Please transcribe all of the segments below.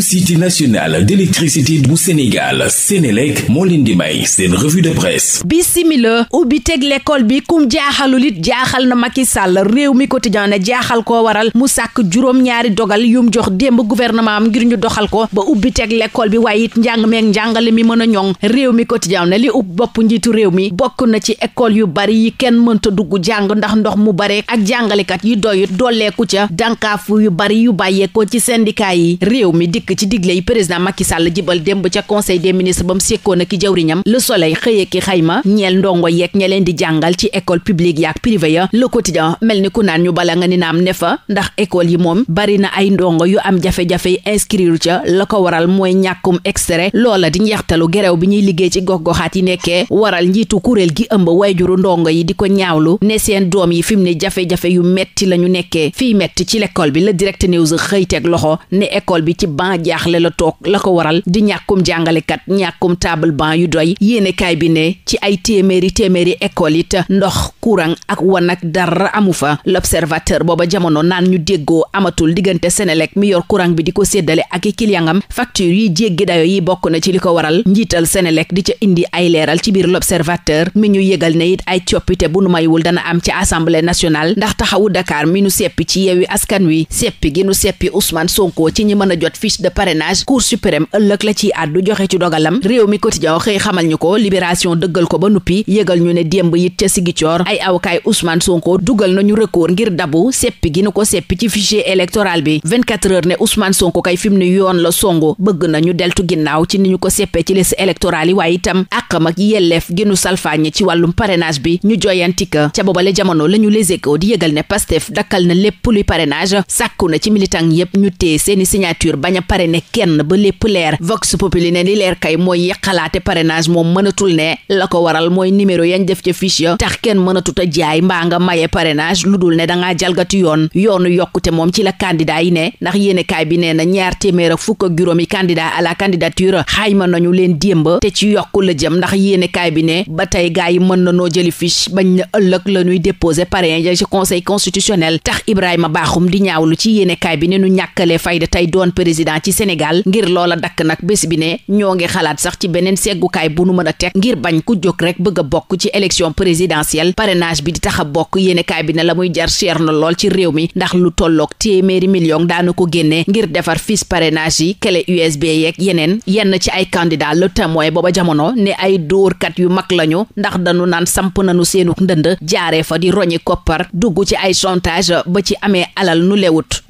société nationale d'électricité bu Sénégal Sénélec moo leen di may seen revue de presse bisimila ubbi teg l'école bi kum jaaxalul it jaaxal na i Sall réew mi quotidien ne jaaxal ko waral mu sàkk juróom-ñaari dogal yum jox démb gouvernement am ngir ñu doxal ko ba ubbi teg l'école bi waaye it njàng meeg njàngale mi mën a ñoŋ réew mi quotidien ne li ub bopp njiitu réew mi bokk na ci école yu bari yi kenn mënta dugg jàng ndax ndox mu bare ak jàngalekat yi dikk ci digle yi président Macky Sall jibal démb ca conseil des ministres ba mu sekkoon ak ki jawriñam le soleil xëyee ki xayma ñeel ndongo yeeg ña leen di jàngal ci école publique yaak privé ya le quotidien mel ni ku naan ñu bala nga ni naam ne fa ndax école yi moom bari na ay ndongo yu am jafe-jafe yi inscrire ca la ko waral mooy ñàkkum extrait loola di njeextalu gerew bi ñuy liggéey ci gox-goxaat yi nekkee waral njiitu kuréel gi ëmb way juru ndongo yi di ko ñaawlu ne seen doom yi fi mu ne jafe-jafe yu metti la ñu nekkee fii metti ci l'école bi la direct ne école bi ban jaaxle la toog la ko waral di ñàkkum jàngalekat ñàkkum table ban yu doy yéenekaay bi ne ci ay téeméeri téeméeri école it ndox courant ak wanag dara amu fa l'observateur booba jamono naan ñu déggoo amatul diggante Senelec mi yor courant bi di ko séddale ak i kiliyangam facture yi jéggi dayo yi bokk na ci li ko waral njiital Senelec di ca indi ay leeral ci biir l'observateur mi ñu yëgal ne it ay coppite bu nu maywul dana am ci assemblée nationale ndax taxawu mi nu seppi ci yeewi askan wi seppi gi nu seppi Ousmane a fiche de parrainage cour suprême ëllëg la ci àddu joxe ci dogalam réew mi quotidien xëy xamal ñu ko libération dëggal ko ba nuppi yëgal ñu ne démb it ca Sigicoor ay awkaay Ousmane Sonko dugal na nañu recours ngir dabu seppi gi nu ko seppi ci fichier électoral bi 24 heures ne Ousmane Sonko kay fi mu ne yoon la songu bëgg na nañu deltu ginnaaw ci ni ñu ko seppee ci liste électorale yi waaye itam àqam ak yelleef gi nu salfaañe ci wàllum parrainage bi ñu joyanti ka ca boobale jamono la ñu Les Échos di yëgal ne dakkal na lépp luy parrainage sàkku na ci militant yépp ñu téye seeni signature bañ a pare parrainé kenn ba lépp leer vox populi ne li leer kay mooy yàqalaate parrainage moom mënatul ne la ko waral mooy numéro yañ def ci fiche ya tax kenn mënatut a jaay mbaa nga maye parrainage lu dul ne dangaa jalgati yoon yoonu yokkute moom ci la candidat yi ne ndax yéene kaay bi nee na ñaar téeméer ak fukk ak juróomi candidat à la candidature xayma nañu leen démb te ci yokkula jëm ndax yéene kaay bi ne ba tey gaa yi mën na noo jëli fiche bañ na ëllëg la nuy déposé parrain ya ci conseil tax Ibrahima Bakhoum di ñaawlu ci yéene bi ne nu ñàkkalee fayda tey doon président président ci Sénégal ngir loola dakk nag bés bi ne ñoo ngi xalaat sax ci beneen seggukaay bu nu mën a teg ngir bañ ku jóg rek bëgg a bokk ci élection présidentielle parrainage bi di tax a bokk yéenekaay bi ne la muy jar cher na lool ci réew mi ndax lu tolloog téeméeri million daanu ko génne ngir defar fiche parrainage yi clé USB yeeg yeneen yenn ci ay candidat le témoin booba jamono ne ay dóorkat yu mag lañu ndax dañu naan samp nañu seenu ndënd jaaree fa di roñi koppar dugg ci ay chantage ba ci amee alal nu lewut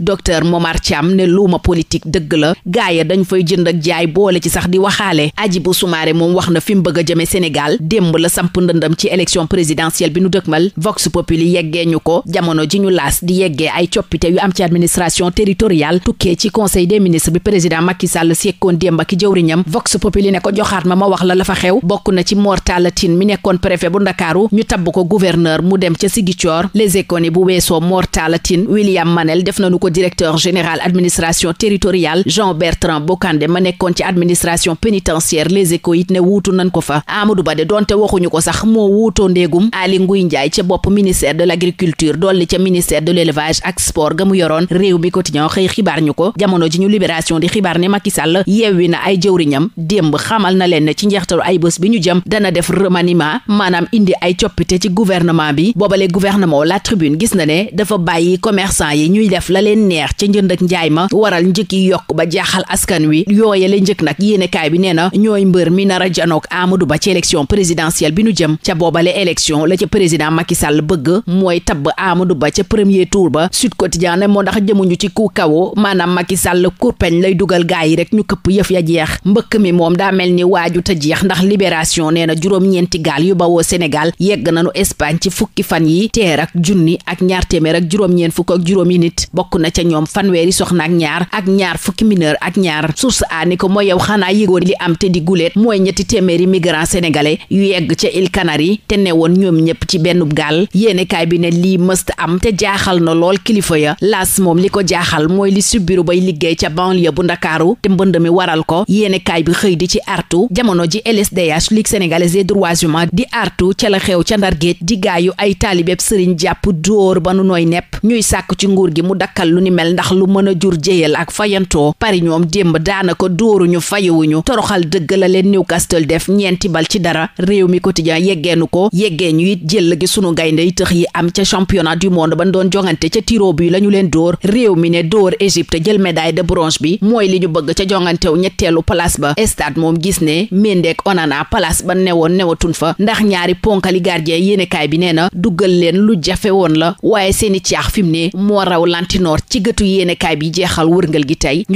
la gaaya dañ fay jënd ak jaay boole ci sax di waxaale Hadjibou Soumaré moom wax na fi mu bëgg a jëme Sénégal démb la samp ndëndam ci élection présidentielle bi nu mal Vox Populi yeggee ñu ko jamono ji ñu laas di yeggee ay coppite yu am ci administration territoriale tukkee ci conseil des ministres bi président Macky Sall sekkoon démb ak jëwriñam Vox Populi ne ko joxaat ma ma wax la la fa xew bokk na ci Mor Talla Tine mi nekkoon préfet bu Ndakaaru ñu tabb ko gouverneur mu dem ca Ziguinchor les économies bu weesoo Mor Talla Tine William Manel def nañu ko directeur général administration territoriale Jean Bertrand Bokandé ma nekkoon ci administration pénitentiaire les échos ne wuutu nañ ko fa Amadou Ba de donte waxuñu ko sax moo wuutoo ndéegum Aly Ngouille Ndiaye ca bopp ministère de l'agriculture dolli ca ministère de l'élevage ak sport ga mu yoroon réew mi quotidien xëy xibaar ñu ko jamono ji ñu libération di xibaar ne Macky Sall yeewi na ay jëwriñam démb xamal na leen ne ci njeextalu ay bés bi ñu jëm dana def remaniement maanaam indi ay coppite ci gouvernement bi boobale gouvernement la tribune gis na ne dafa bàyyi commerçant yi ñuy def la leen neex ca njënd ak njaay ma waral njëkk yi yokk ba jaaxal askan wi yooye la njëkk nag yéenekaay bi nee na ñooy mbër mi nar a janoog Amadou Ba ci élection présidentielle bi nu jëm ca boobale élection la ca président Macky Sall bëgg mooy tabb Amadou Ba ca premier tour ba Sud Quotidien ne moo ndax jëmuñu ci ku kaw maanaam Macky Sall kurpeñ lay dugal gaay yi rek ñu këpp yëf ya jeex mbëkk mi moom daa mel ni waaju te jeex ndax libération nee na juróom-ñeenti gaal yu bawoo Sénégal yegg nañu Espagne ci fukki fan yi teer ak junni ak ñaar téeméer ak juróom fukk ak juróomi nit bokk na ca ñoom fanweeri soxna ak ñaar mineur ak ñaar source a ni ko mooy yow xanaa yëgoon li am te di guléet mooy ñetti téeméeri migrant sénégalais yu yegg ca îles Canaries te ne woon ñoom ñëpp ci benn gaal yéenekaay bi ne lii mësta am te jaaxal na lool kilifa ya laas moom li ko jaaxal mooy li subbiru bay liggéey ca banlieue bu ndakaaru te mbënd mi waral ko yéenekaay bi xëy di ci artu jamono ji LSDH Ligue sénégalaise des droits humains di artu ca la xew ca ndargéej di gaayu ay taalibeb sëriñ jàpp dóor ba nu nooy ñuy sàkk ci nguur gi mu dakkal lu mel ndax lu mën a jur jéyal ak fayanto yeewoo Paris ñoom démb daanaka dóoruñu fayewuñu toroxal dëgg la leen Newcastle def ñeenti bal ci dara réew mi quotidien yeggeenu ko yeggee ñu it jël gi sunu gaynde yi tëx yi am ca championnat du monde ban doon jongante ca tiro bi la ñu leen dóor réew mi ne dóor Égypte jël médaille de bronze bi mooy li ñu bëgg ca jongantew ñetteelu place ba stade moom gis ne Mendy ak Onana place ba newoon newatun fa ndax ñaari ponkali gardien yéenekaay bi nee na duggal leen lu jafe woon la waaye seeni caax fi mu ne moo raw lantinoor ci gëtu yéenekaay bi jeexal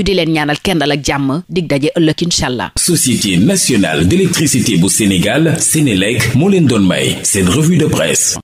ñu di leen ñaanal kenn dal ak jàmm dig daje ëllëg incha allah. société nationale d'électricité bu Sénégal Sénélec moo leen doon may seen revue de presse.